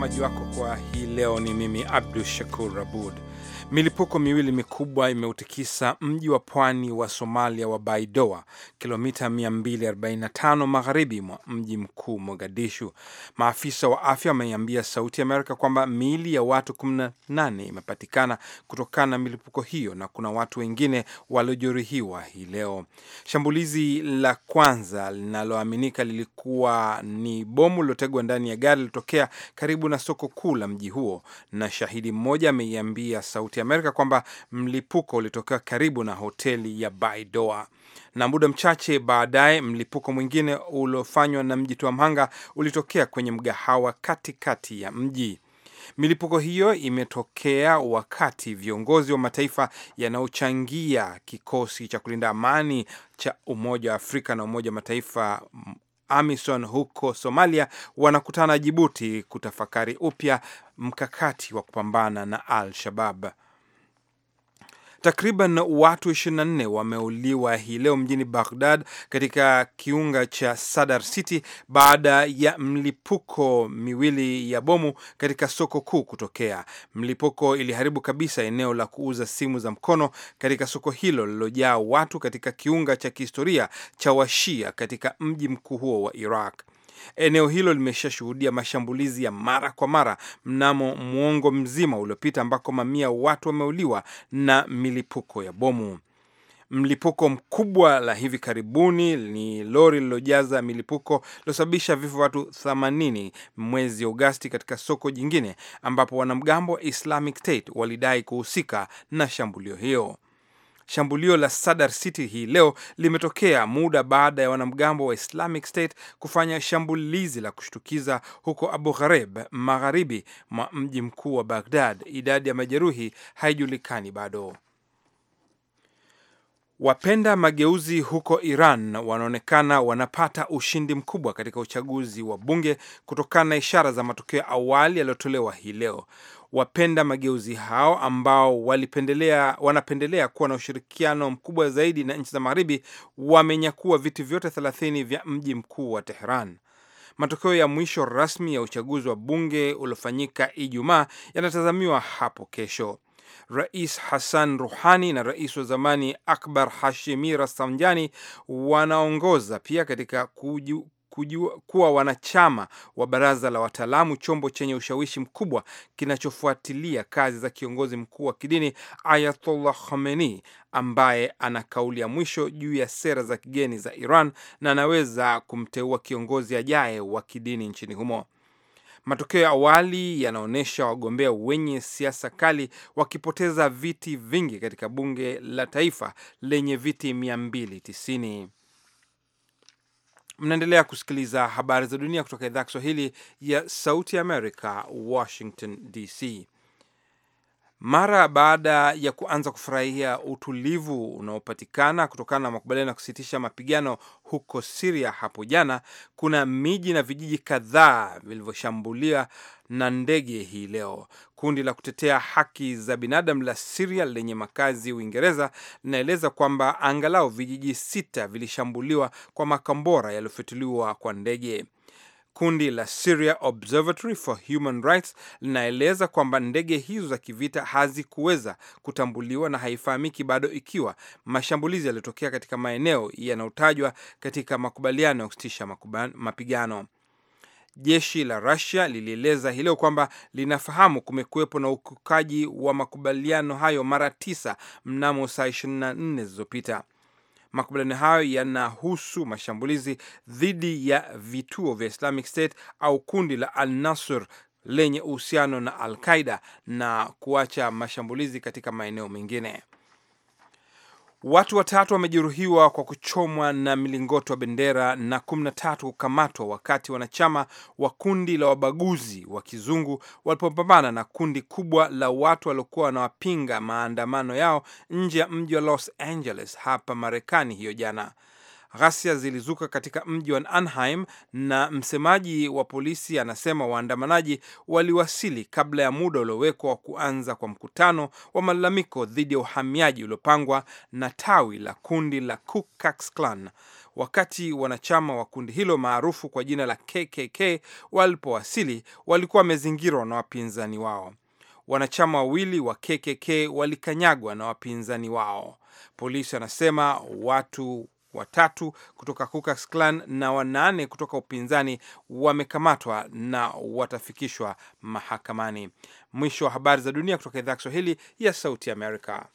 mtazamaji wako kwa hii leo ni mimi Abdu Shakur Abud. Milipuko miwili mikubwa imeutikisa mji wa pwani wa Somalia wa Baidoa, kilomita 245 magharibi mwa mji mkuu Mogadishu. Maafisa wa afya wameiambia Sauti ya Amerika kwamba miili ya watu 18 imepatikana kutokana na milipuko hiyo na kuna watu wengine waliojeruhiwa hii leo. Shambulizi la kwanza linaloaminika lilikuwa ni bomu lilotegwa ndani ya gari lilitokea karibu na soko kuu la mji huo, na shahidi mmoja ameiambia Sauti Sauti Amerika kwamba mlipuko ulitokea karibu na hoteli ya Baidoa na muda mchache baadaye mlipuko mwingine uliofanywa na mjitoa mhanga ulitokea kwenye mgahawa katikati ya mji. Milipuko hiyo imetokea wakati viongozi wa mataifa yanayochangia kikosi cha kulinda amani cha Umoja wa Afrika na Umoja wa Mataifa AMISON huko Somalia wanakutana Jibuti kutafakari upya mkakati wa kupambana na Al Shabab. Takriban watu 24 wameuliwa hii leo mjini Baghdad katika kiunga cha Sadar City baada ya mlipuko miwili ya bomu katika soko kuu kutokea. Mlipuko iliharibu kabisa eneo la kuuza simu za mkono katika soko hilo lililojaa watu katika kiunga cha kihistoria cha Washia katika mji mkuu huo wa Iraq. Eneo hilo limeshashuhudia mashambulizi ya mara kwa mara mnamo mwongo mzima uliopita, ambako mamia watu wameuliwa na milipuko ya bomu. Mlipuko mkubwa la hivi karibuni ni lori lililojaza milipuko lilosababisha vifo watu 80 mwezi Agosti katika soko jingine ambapo wanamgambo wa Islamic State walidai kuhusika na shambulio hiyo. Shambulio la Sadar City hii leo limetokea muda baada ya wanamgambo wa Islamic State kufanya shambulizi la kushtukiza huko Abu Ghareb, magharibi mwa mji mkuu wa Baghdad. Idadi ya majeruhi haijulikani bado. Wapenda mageuzi huko Iran wanaonekana wanapata ushindi mkubwa katika uchaguzi wa bunge kutokana na ishara za matokeo awali yaliyotolewa hii leo. Wapenda mageuzi hao ambao walipendelea, wanapendelea kuwa na ushirikiano mkubwa zaidi na nchi za Magharibi wamenyakua viti vyote 30 vya mji mkuu wa Tehran. Matokeo ya mwisho rasmi ya uchaguzi wa bunge uliofanyika Ijumaa yanatazamiwa hapo kesho. Rais Hassan Ruhani na rais wa zamani Akbar Hashimi Rafsanjani wanaongoza pia katika kuju Kujua, kuwa wanachama wa baraza la wataalamu, chombo chenye ushawishi mkubwa kinachofuatilia kazi za kiongozi mkuu wa kidini Ayatollah Khomeini, ambaye ana kauli ya mwisho juu ya sera za kigeni za Iran na anaweza kumteua kiongozi ajaye wa kidini nchini humo. Matokeo ya awali yanaonyesha wagombea wenye siasa kali wakipoteza viti vingi katika bunge la taifa lenye viti 290. Mnaendelea kusikiliza habari za dunia kutoka idhaa ya Kiswahili ya Sauti ya Amerika, Washington DC. Mara baada ya kuanza kufurahia utulivu unaopatikana kutokana na makubaliano ya kusitisha mapigano huko Siria hapo jana, kuna miji na vijiji kadhaa vilivyoshambulia na ndege hii leo. Kundi la kutetea haki za binadamu la Siria lenye makazi Uingereza linaeleza kwamba angalau vijiji sita vilishambuliwa kwa makombora yaliyofyatuliwa kwa ndege. Kundi la Syria Observatory for Human Rights linaeleza kwamba ndege hizo za kivita hazikuweza kutambuliwa na haifahamiki bado ikiwa mashambulizi yaliyotokea katika maeneo yanayotajwa katika makubaliano ya kusitisha mapigano. Jeshi la Russia lilieleza hileo kwamba linafahamu kumekuwepo na ukiukaji wa makubaliano hayo mara tisa mnamo saa 24 zilizopita. Makubaliano hayo yanahusu mashambulizi dhidi ya vituo vya Islamic State au kundi la Al-Nasr lenye uhusiano na Al Qaida na kuacha mashambulizi katika maeneo mengine. Watu watatu wamejeruhiwa kwa kuchomwa na milingoti wa bendera na 13 kukamatwa wakati wanachama wa kundi la wabaguzi wa kizungu walipopambana na kundi kubwa la watu waliokuwa wanawapinga maandamano yao nje ya mji wa Los Angeles hapa Marekani hiyo jana. Ghasia zilizuka katika mji wa Anheim na msemaji wa polisi anasema waandamanaji waliwasili kabla ya muda uliowekwa wa kuanza kwa mkutano wa malalamiko dhidi ya uhamiaji uliopangwa na tawi la kundi la Ku Klux Klan. Wakati wanachama wa kundi hilo maarufu kwa jina la KKK walipowasili, walikuwa wamezingirwa na wapinzani wao. Wanachama wawili wa KKK walikanyagwa na wapinzani wao. Polisi anasema watu watatu kutoka Ku Klux Klan na wanane kutoka upinzani wamekamatwa na watafikishwa mahakamani. Mwisho wa habari za dunia kutoka idhaa ya Kiswahili ya Sauti Amerika.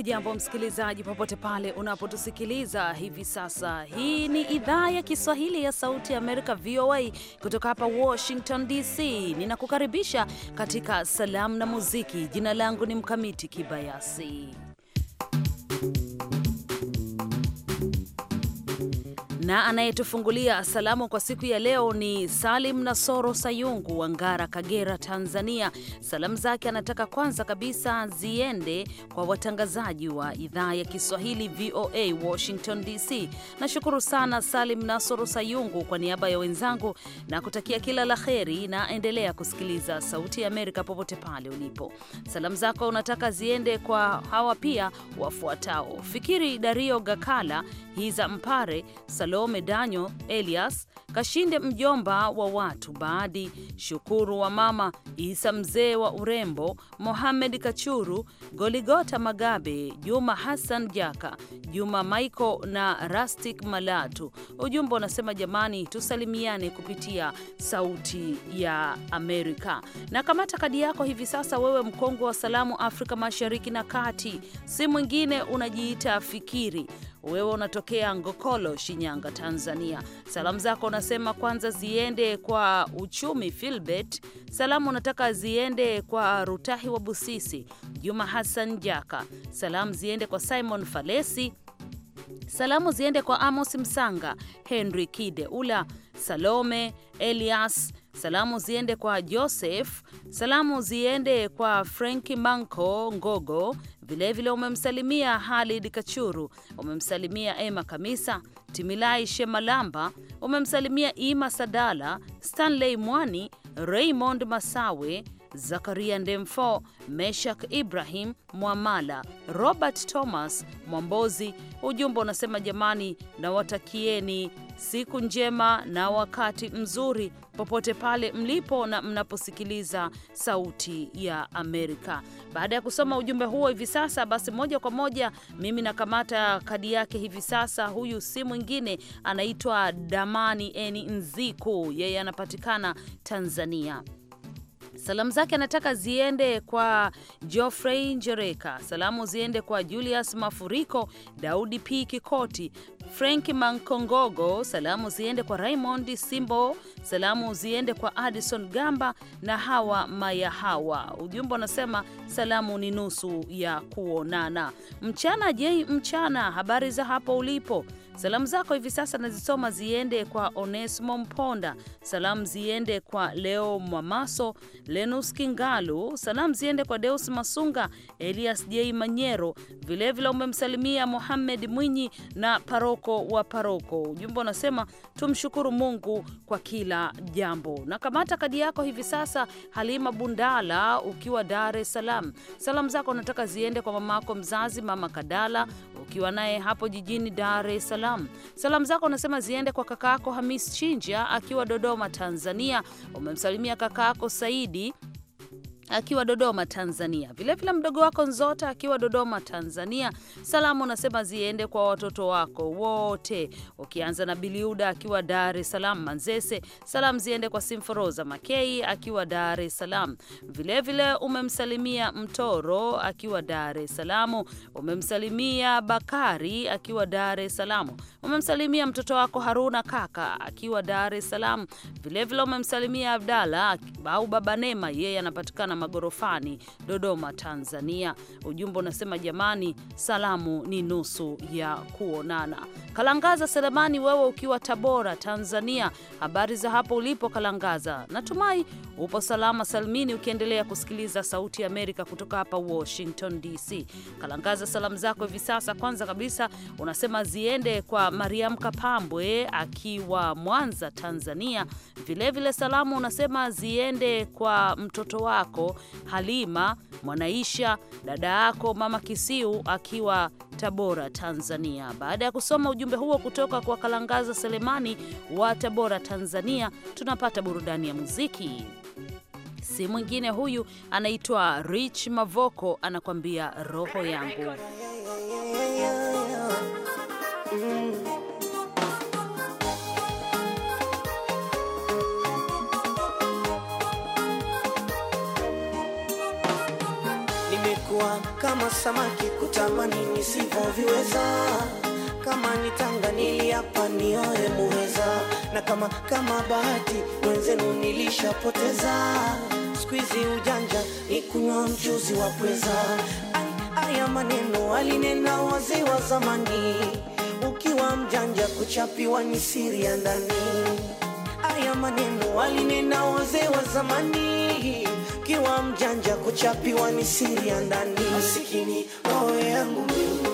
Hujambo msikilizaji, popote pale unapotusikiliza hivi sasa. Hii ni idhaa ya Kiswahili ya Sauti ya Amerika, VOA, kutoka hapa Washington DC. Ninakukaribisha katika Salamu na Muziki. Jina langu ni Mkamiti Kibayasi. na anayetufungulia salamu kwa siku ya leo ni Salim Nasoro Sayungu wa Ngara, Kagera, Tanzania. Salamu zake anataka kwanza kabisa ziende kwa watangazaji wa idhaa ya Kiswahili VOA Washington DC. Nashukuru sana Salim Nasoro Sayungu kwa niaba ya wenzangu na kutakia kila la heri, na endelea kusikiliza Sauti ya Amerika popote pale ulipo. Salamu zako unataka ziende kwa hawa pia wafuatao: Fikiri Dario Gakala, Hiza Mpare, Salo Salome Danyo Elias Kashinde, mjomba wa watu baadhi, Shukuru wa mama Isa, mzee wa urembo, Mohamed Kachuru, Goligota Magabe, Juma Hassan Jaka, Juma Michael na Rastik Malatu. Ujumbe unasema jamani, tusalimiane kupitia Sauti ya Amerika. Na kamata kadi yako hivi sasa, wewe mkongwe wa salamu Afrika Mashariki na Kati, si mwingine unajiita Fikiri wewe unatokea Ngokolo, Shinyanga, Tanzania. Salamu zako unasema kwanza ziende kwa Uchumi Filbert. Salamu unataka ziende kwa Rutahi wa Busisi, Juma Hassan Jaka. Salamu ziende kwa Simon Falesi. Salamu ziende kwa Amos Msanga, Henry Kideula, Salome Elias. Salamu ziende kwa Joseph. Salamu ziende kwa Franki Manko Ngogo. Vilevile umemsalimia Halid Kachuru, umemsalimia Emma Kamisa, Timilai Shemalamba, umemsalimia Ima Sadala, Stanley Mwani, Raymond Masawe, Zakaria Ndemfo, Meshak Ibrahim Mwamala, Robert Thomas Mwambozi. Ujumbe unasema jamani, nawatakieni siku njema na wakati mzuri popote pale mlipo na mnaposikiliza Sauti ya Amerika. Baada ya kusoma ujumbe huo hivi sasa, basi moja kwa moja mimi nakamata kadi yake hivi sasa. Huyu si mwingine, anaitwa Damani n Nziku, yeye anapatikana Tanzania. Salamu zake anataka ziende kwa Geoffrey Njereka, salamu ziende kwa Julius Mafuriko, Daudi P Kikoti, Frank Mankongogo, salamu ziende kwa Raymond Simbo, salamu ziende kwa Addison Gamba na Hawa Mayahawa. Ujumbe unasema salamu ni nusu ya kuonana. Mchana jei, mchana habari za hapo ulipo Salamu zako hivi sasa nazisoma, ziende kwa onesimo Mponda, salamu ziende kwa Leo Mwamaso, Lenus Kingalu, salamu ziende kwa Deus Masunga, Elias J Manyero, vilevile umemsalimia muhamed Mwinyi na paroko wa paroko. Ujumbe unasema tumshukuru Mungu kwa kila jambo. Na kamata kadi yako hivi sasa, Halima Bundala, ukiwa Dar es Salaam. Salamu zako nataka ziende kwa mamako mzazi, Mama Kadala, ukiwa naye hapo jijini Dar es Salaam salamu. Salamu zako unasema ziende kwa kakaako Hamis Chinja akiwa Dodoma, Tanzania. Umemsalimia kakaako Saidi akiwa Dodoma, Tanzania. Vilevile mdogo wako Nzota akiwa Dodoma, Tanzania. Salamu unasema ziende kwa watoto wako wote, ukianza na Biliuda akiwa Dar es Salaam, Manzese. Salamu ziende kwa Simforoza Makei akiwa Dar es Salaam. Vilevile umemsalimia Mtoro akiwa Dar es Salaam, umemsalimia Bakari akiwa Dar es Salaam, umemsalimia mtoto wako Haruna kaka akiwa Dar es Salaam. Vilevile umemsalimia Abdala au Baba Nema, yeye anapatikana magorofani Dodoma, Tanzania. Ujumbe unasema jamani, salamu ni nusu ya kuonana. Kalangaza Selemani, wewe ukiwa Tabora, Tanzania, habari za hapo ulipo Kalangaza? Natumai upo salama salmini, ukiendelea kusikiliza Sauti ya Amerika kutoka hapa Washington DC. Kalangaza salamu zako hivi sasa, kwanza kabisa unasema ziende kwa Mariam Kapambwe akiwa Mwanza, Tanzania. Vilevile vile salamu unasema ziende kwa mtoto wako Halima Mwanaisha, dada yako Mama Kisiu akiwa Tabora, Tanzania. Baada ya kusoma ujumbe huo kutoka kwa Kalangaza Selemani wa Tabora, Tanzania, tunapata burudani ya muziki. Si mwingine huyu, anaitwa Rich Mavoko, anakwambia roho yangu. kama samaki kutamani nisivyoviweza, kama nitanga niliapa nioe muweza, na kama kama bahati wenzenu nilishapoteza, siku hizi ujanja ni kunywa mchuzi wa pweza. Haya maneno alinena wazee wa zamani, ukiwa mjanja kuchapiwa ni siri ya ndani haya maneno walinena wazee wa zamani, kiwa mjanja kuchapiwa ni siri ya ndani masikini, roho yangu mimi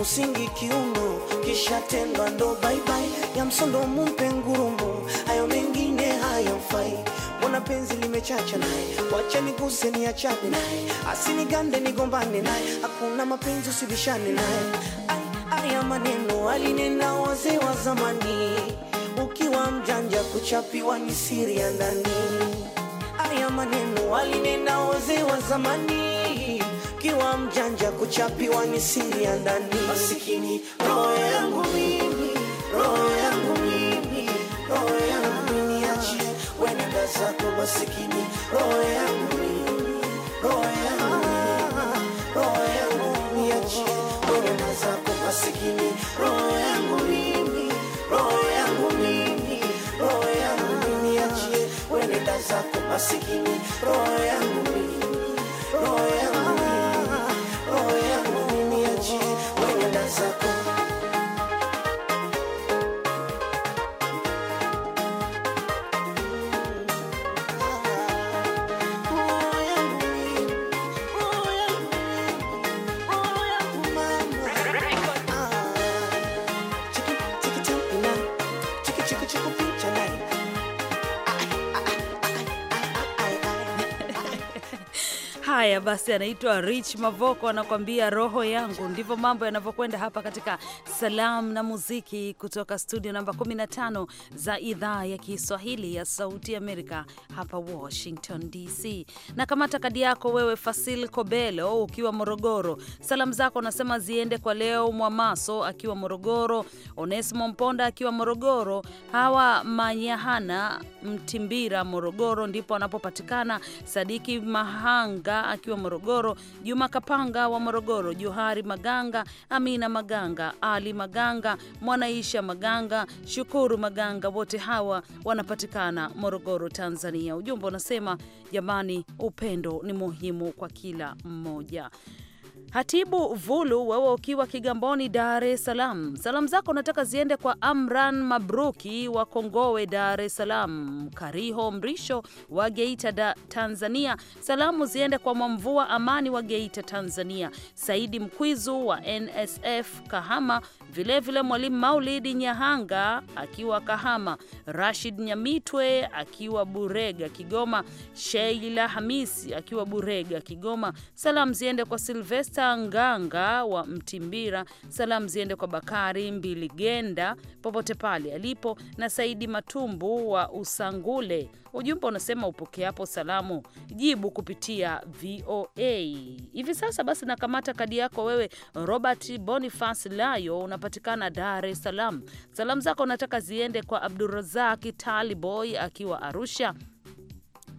Msingi mm, kiuno kishatendwa ndo baibai ya msondo mumpe ngurumo, hayo mengine hayamfai mwanapenzi nimechacha naye, wacha niguse ni achane naye, asinigande nigombane naye, hakuna mapenzi usibishane naye. Haya maneno alinena wazee wa zamani, ukiwa mjanja kuchapiwa ni siri ya ndani. Haya maneno alinena wazee wa zamani, ukiwa mjanja kuchapiwa ni siri ya ndani. Masikini roho yangu mimi zako masikini, roho yangu roho yangu roho yangu niachie, huruma zako masikini, roho yangu mimi roho yangu mimi roho yangu niachie, wenda zako masikini, roho yangu mimi roho yangu Haya basi, anaitwa Rich Mavoko anakuambia roho yangu. Ndivyo mambo yanavyokwenda hapa katika salamu na muziki kutoka studio namba 15 za idhaa ya Kiswahili ya Sauti Amerika hapa Washington DC. Na kamata kadi yako wewe, Fasil Kobelo ukiwa Morogoro. Salamu zako nasema ziende kwa leo Mwamaso akiwa Morogoro, Onesimo Mponda akiwa Morogoro, hawa Manyahana Mtimbira Morogoro ndipo anapopatikana, Sadiki Mahanga akiwa Morogoro, Juma Kapanga wa Morogoro, Johari Maganga, Amina Maganga, Ali Maganga, Mwanaisha Maganga, Shukuru Maganga, wote hawa wanapatikana Morogoro, Tanzania. Ujumbe unasema jamani, upendo ni muhimu kwa kila mmoja. Hatibu Vulu, wewe ukiwa Kigamboni, Dar es Salaam, salamu zako nataka ziende kwa Amran Mabruki wa Kongowe, Dar es Salaam, Kariho Mrisho wa Geita da, Tanzania. Salamu ziende kwa Mwamvua Amani wa Geita, Tanzania, Saidi Mkwizu wa NSF Kahama, vilevile Mwalimu Maulidi Nyahanga akiwa Kahama, Rashid Nyamitwe akiwa Burega Kigoma, Sheila Hamisi akiwa Burega Kigoma. Salamu ziende kwa Silvesta Esther Nganga wa Mtimbira. Salamu ziende kwa Bakari Mbiligenda popote pale alipo na Saidi Matumbu wa Usangule. Ujumbe unasema upokeapo salamu jibu kupitia VOA. Hivi sasa basi, nakamata kadi yako wewe, Robert Boniface Layo, unapatikana Dar es Salaam. Salamu zako nataka ziende kwa Abdurazaki Taliboy akiwa Arusha,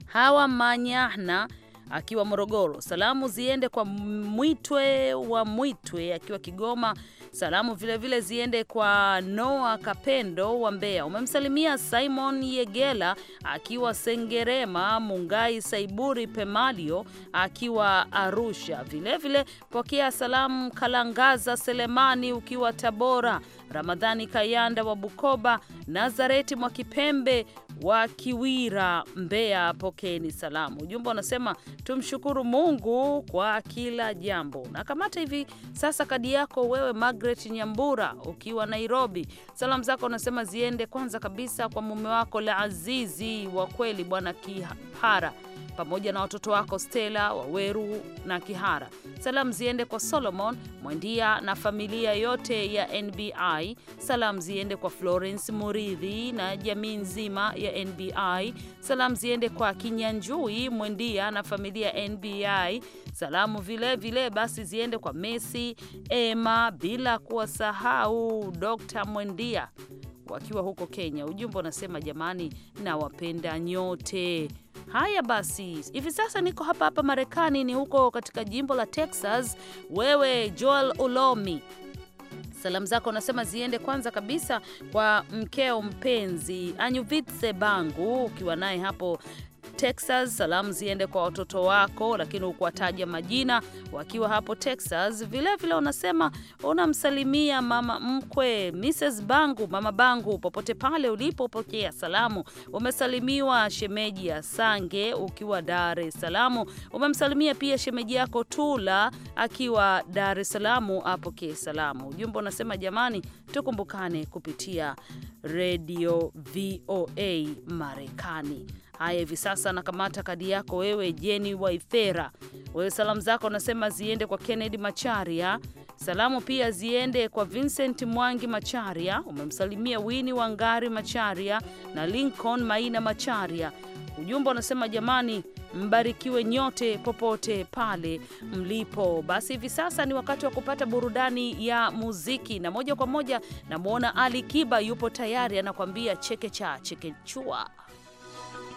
Hawa Manyahna akiwa Morogoro. Salamu ziende kwa Mwitwe wa Mwitwe akiwa Kigoma. Salamu vilevile vile ziende kwa Noa Kapendo wa Mbeya. Umemsalimia Simon Yegela akiwa Sengerema, Mungai Saiburi Pemalio akiwa Arusha. Vilevile vile, pokea salamu Kalangaza Selemani ukiwa Tabora. Ramadhani Kayanda wa Bukoba, Nazareti mwa Kipembe wa Kiwira, Mbeya, pokeni salamu. Ujumbe unasema tumshukuru Mungu kwa kila jambo. Na kamata hivi sasa kadi yako wewe, Margaret Nyambura, ukiwa Nairobi. Salamu zako unasema ziende kwanza kabisa kwa mume wako la azizi wa kweli, Bwana Kihara pamoja na watoto wako Stella, Waweru na Kihara. Salamu ziende kwa Solomon Mwendia na familia yote ya NBI. Salamu ziende kwa Florence Muridhi na jamii nzima ya NBI. Salamu ziende kwa Kinyanjui Mwendia na familia ya NBI. Salamu vilevile vile basi ziende kwa Messi, Emma, bila kuwasahau Dr. Mwendia wakiwa huko Kenya. Ujumbe unasema jamani, nawapenda nyote. Haya basi, hivi sasa niko hapa hapa Marekani, ni huko katika jimbo la Texas. Wewe Joel Ulomi, salamu zako unasema ziende kwanza kabisa kwa mkeo mpenzi Anyuvitse Bangu, ukiwa naye hapo Texas, salamu ziende kwa watoto wako, lakini hukuwataja majina wakiwa hapo Texas. Vilevile unasema unamsalimia mama mkwe Mrs. Bangu, mama Bangu, popote pale ulipopokea salamu. Umesalimiwa shemeji ya Sange ukiwa Dar es Salaam. Umemsalimia pia shemeji yako Tula akiwa Dar es Salaam, apokee salamu. Ujumbe unasema jamani, tukumbukane kupitia redio VOA Marekani. Haya, hivi sasa nakamata kadi yako wewe, Jeni Waithera. Wewe salamu zako unasema ziende kwa Kennedy Macharia, salamu pia ziende kwa Vincent Mwangi Macharia, umemsalimia Wini Wangari Macharia na Lincoln Maina Macharia. Ujumbe unasema jamani, mbarikiwe nyote popote pale mlipo. Basi hivi sasa ni wakati wa kupata burudani ya muziki, na moja kwa moja namwona Ali Kiba yupo tayari, anakuambia cheke cha chekechua.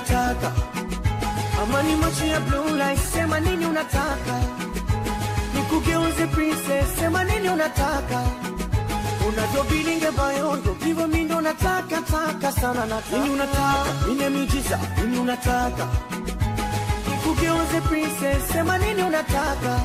unataka amani, macho ya blue light, sema nini unataka nikugeuze princess, sema nini unataka unatobilinge bayondo hivyo, mimi ndo nataka taka sana, nataka nini unataka nini ya miujiza nini unataka nikugeuze princess, sema nini unataka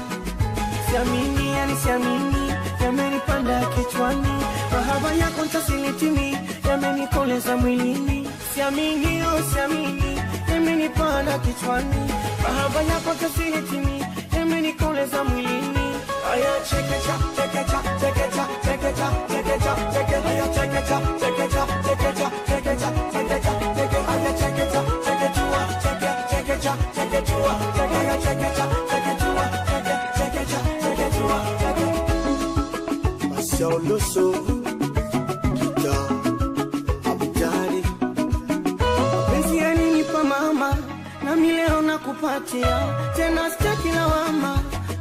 siamini, ani siamini, yamenipanda kichwani, mahaba yako ntasilitimi, yamenikoleza mwilini Usiamini, usiamini, imenipanda kichwani, mahaba yako kasihitimi, imenikoleza mwilini. Aya, chekecha, chekecha, chekecha, chekecha, chekecha, cheke, aya, chekecha, chekecha, chekecha, chekecha, chekecha, cheke, aya, chekecha, chekechua, cheke, chekecha, chekechua, cheke, aya, chekecha, chekechua, cheke, chekecha, chekechua, cheke. Masha oloso. kupatia tena, sitaki lawama,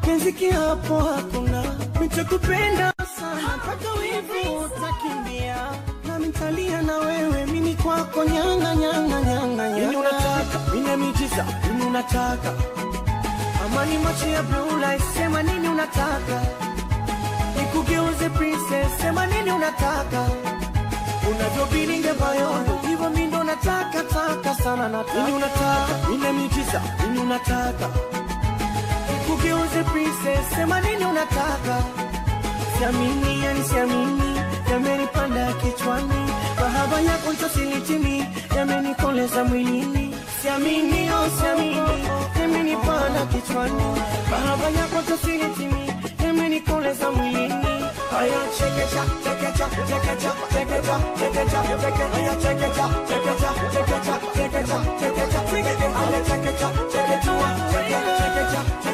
riziki hapo hakuna. Nitakupenda sana mpaka wivu utakimbia, na mitalia na wewe mimi kwako, nyanga nyanga nyanga nyanga, unataka mimi mijiza mimi unataka amani, macho ya blue light, sema nini unataka nikugeuze princess, sema nini unataka unavyobiringa bayondo hivyo mimi nataka taka sana nataka. Nini unataka? Nini miujiza? Nini unataka? kukiuze princess, sema nini unataka? Siamini, yani siamini, yamenipanda kichwani. Mahaba yako nitosili chini, yamenikoleza mwilini. Siamini, oh siamini, yamenipanda kichwani. Mahaba yako nitosili chini, yamenikoleza mwilini. Oh yeah, shake it up, shake it up, shake it up, shake it up, shake it up, shake it. Oh yeah, shake it up, shake it up, shake it up, shake it up, shake it up, shake it. Oh yeah, shake it up, shake it up, shake it, shake it up, shake it.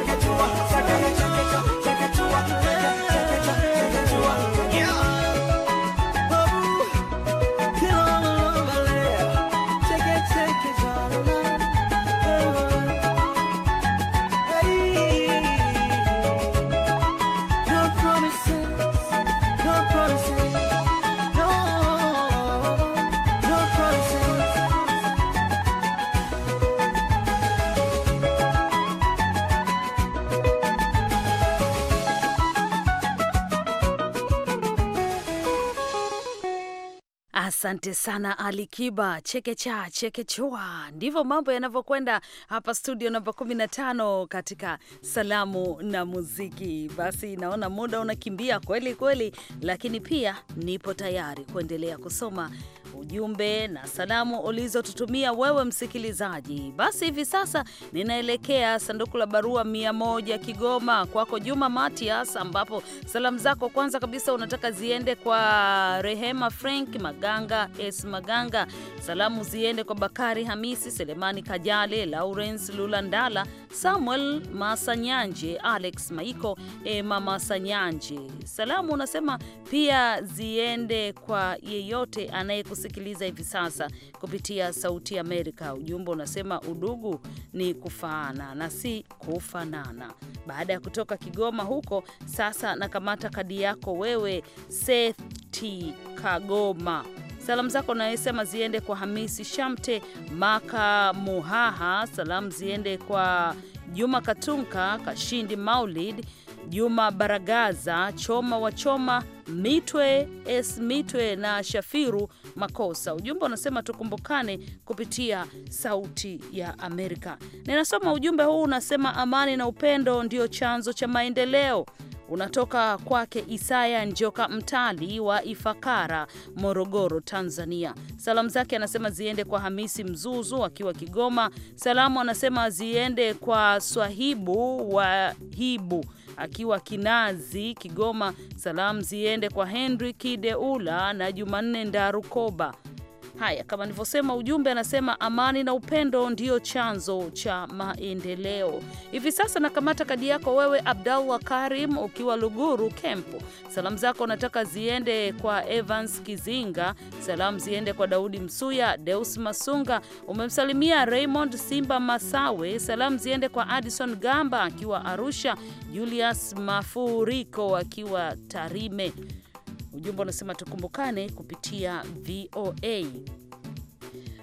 Asante sana Ali Kiba, chekecha chekechua, ndivyo mambo yanavyokwenda hapa studio namba 15 katika salamu na muziki. Basi naona muda unakimbia kweli kweli, lakini pia nipo tayari kuendelea kusoma ujumbe na salamu ulizotutumia wewe msikilizaji. Basi hivi sasa ninaelekea sanduku la barua mia moja Kigoma, kwako Juma Matias, ambapo salamu zako kwanza kabisa unataka ziende kwa Rehema Frank Maganga, Es Maganga. Salamu ziende kwa Bakari Hamisi, Selemani Kajale, Lawrence Lulandala Samuel Masanyanje, Alex Maiko, e mama Sanyanje. Salamu unasema pia ziende kwa yeyote anayekusikiliza hivi sasa kupitia Sauti Amerika. Ujumbe unasema udugu ni kufaana na si kufanana. Baada ya kutoka Kigoma huko sasa, nakamata kadi yako wewe Seth Kagoma Salamu zako nayesema ziende kwa Hamisi Shamte Maka Muhaha. Salamu ziende kwa Juma Katunka Kashindi Maulid Juma Baragaza Choma wa Choma Mitwe S Mitwe na Shafiru Makosa. Ujumbe unasema tukumbukane kupitia Sauti ya Amerika. Ninasoma ujumbe huu unasema, amani na upendo ndio chanzo cha maendeleo unatoka kwake Isaya Njoka Mtali wa Ifakara, Morogoro, Tanzania. Salamu zake anasema ziende kwa Hamisi Mzuzu akiwa Kigoma. Salamu anasema ziende kwa Swahibu wa Hibu akiwa Kinazi, Kigoma. Salamu ziende kwa henri Kideula na Jumanne Ndarukoba Haya, kama nilivyosema, ujumbe anasema amani na upendo ndiyo chanzo cha maendeleo. Hivi sasa nakamata kadi yako wewe, Abdallah Karim, ukiwa Luguru Kempo. Salamu zako nataka ziende kwa Evans Kizinga, salamu ziende kwa Daudi Msuya, Deus Masunga, umemsalimia Raymond Simba Masawe, salamu ziende kwa Addison Gamba akiwa Arusha, Julius Mafuriko akiwa Tarime. Ujumbe unasema tukumbukane kupitia VOA.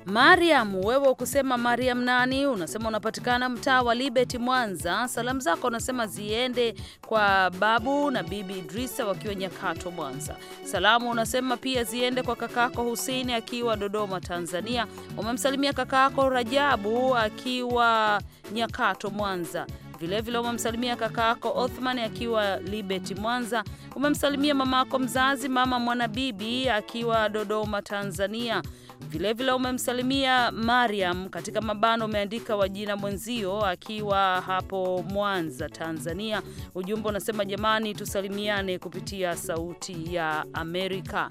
Mariam, wewe ukusema Mariam nani? Unasema unapatikana mtaa wa Libeti, Mwanza. Salamu zako unasema ziende kwa babu na bibi Idrisa wakiwa Nyakato, Mwanza. Salamu unasema pia ziende kwa kakako Hussein akiwa Dodoma, Tanzania. Umemsalimia kakako Rajabu akiwa Nyakato, Mwanza. Vilevile umemsalimia kakaako Othman akiwa Libet, Mwanza umemsalimia mama yako mzazi, mama Mwanabibi akiwa Dodoma, Tanzania. Vilevile umemsalimia Mariam katika mabano, umeandika wajina mwenzio akiwa hapo Mwanza, Tanzania. Ujumbe unasema jamani, tusalimiane kupitia Sauti ya Amerika.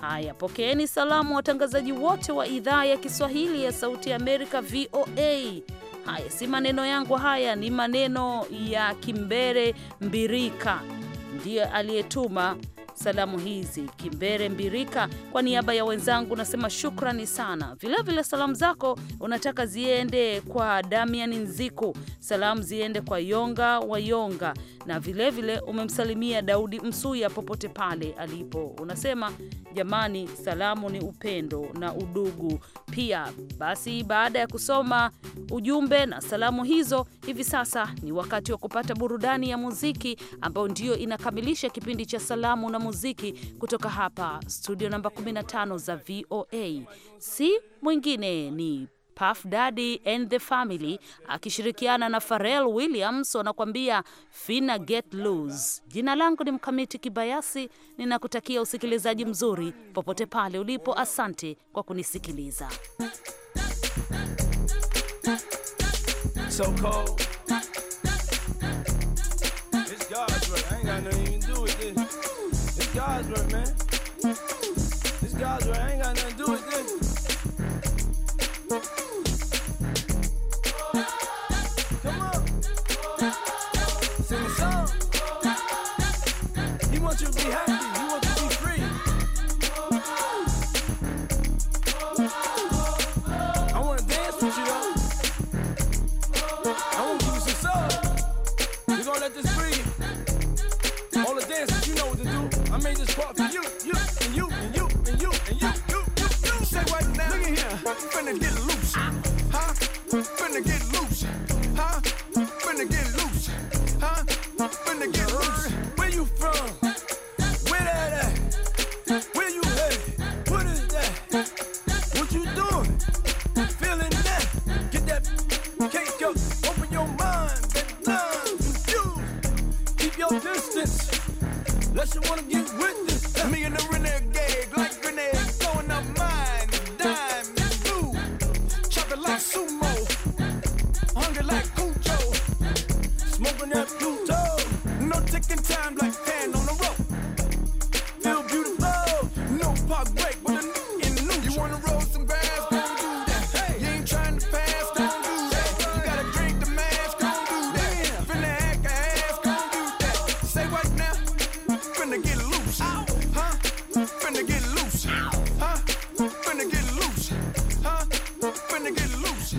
Haya, pokeeni salamu watangazaji wote wa idhaa ya Kiswahili ya Sauti ya Amerika, VOA. Haya si maneno yangu, haya ni maneno ya Kimbere Mbirika ndiye aliyetuma salamu hizi. Kimbere Mbirika, kwa niaba ya wenzangu nasema shukrani sana. Vilevile salamu zako unataka ziende kwa Damian Nziku, salamu ziende kwa Yonga Wayonga, na vilevile vile umemsalimia Daudi Msuya popote pale alipo. Unasema jamani, salamu ni upendo na udugu pia. Basi baada ya kusoma ujumbe na salamu hizo, hivi sasa ni wakati wa kupata burudani ya muziki ambayo ndiyo inakamilisha kipindi cha salamu na muziki kutoka hapa studio namba 15 za VOA. Si mwingine ni Puff Daddy and the Family akishirikiana na Pharrell Williams wanakuambia Fina Get Loose. Jina langu ni Mkamiti Kibayasi, ninakutakia usikilizaji mzuri popote pale ulipo. Asante kwa kunisikiliza. So cold. God's work. this. God's work. I ain't got nothing to do with this. I made this part for you. you.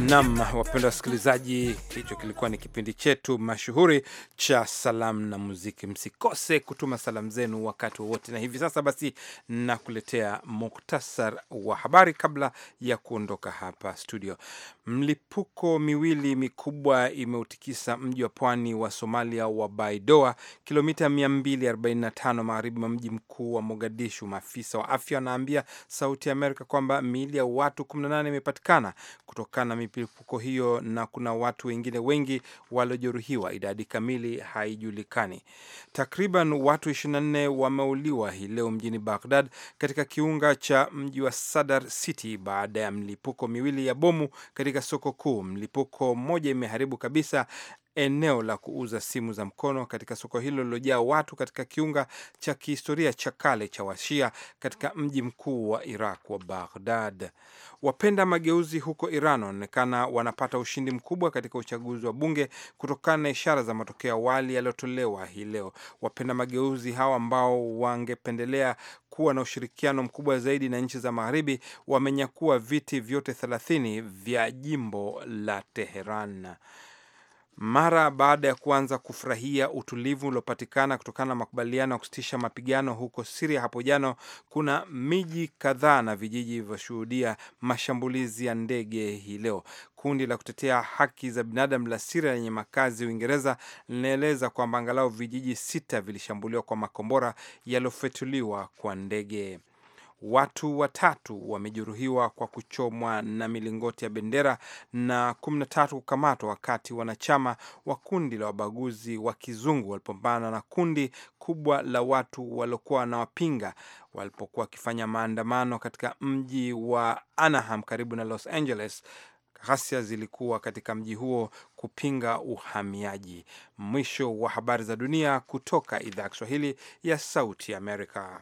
Nam, wapenda wasikilizaji, hicho kilikuwa ni kipindi chetu mashuhuri cha salamu na muziki. Msikose kutuma salamu zenu wakati wowote, na hivi sasa basi nakuletea muktasar wa habari kabla ya kuondoka hapa studio. Mlipuko miwili mikubwa imeutikisa mji wa pwani wa Somalia wa Baidoa, kilomita 245 magharibi mwa mji mkuu wa Mogadishu. Maafisa wa afya wanaambia Sauti ya Amerika kwamba miili ya watu 18 imepatikana kutokana na milipuko hiyo na kuna watu wengine wengi waliojeruhiwa. Idadi kamili haijulikani. Takriban watu 24 wameuliwa hii leo mjini Baghdad katika kiunga cha mji wa Sadar City baada ya mlipuko miwili ya bomu katika katika soko kuu. Mlipuko mmoja imeharibu kabisa eneo la kuuza simu za mkono katika soko hilo lilojaa watu katika kiunga cha kihistoria cha kale cha Washia katika mji mkuu wa Iraq wa Baghdad. Wapenda mageuzi huko Iran wanaonekana wanapata ushindi mkubwa katika uchaguzi wa bunge kutokana na ishara za matokeo awali yaliyotolewa hii leo. Wapenda mageuzi hawa ambao wangependelea kuwa na ushirikiano mkubwa zaidi na nchi za magharibi wamenyakua viti vyote 30 vya jimbo la Teheran mara baada ya kuanza kufurahia utulivu uliopatikana kutokana na makubaliano ya kusitisha mapigano huko Siria hapo jana, kuna miji kadhaa na vijiji vilivyoshuhudia mashambulizi ya ndege hii leo. Kundi la kutetea haki za binadamu la Siria lenye makazi Uingereza linaeleza kwamba angalau vijiji sita vilishambuliwa kwa makombora yaliyofetuliwa kwa ndege. Watu watatu wamejeruhiwa kwa kuchomwa na milingoti ya bendera na 13 kukamatwa wakati wanachama wa kundi la wabaguzi wa kizungu walipopambana na kundi kubwa la watu waliokuwa wanawapinga walipokuwa wakifanya maandamano katika mji wa Anaheim karibu na Los Angeles. Ghasia zilikuwa katika mji huo kupinga uhamiaji. Mwisho wa habari za dunia kutoka idhaa ya Kiswahili ya Sauti Amerika.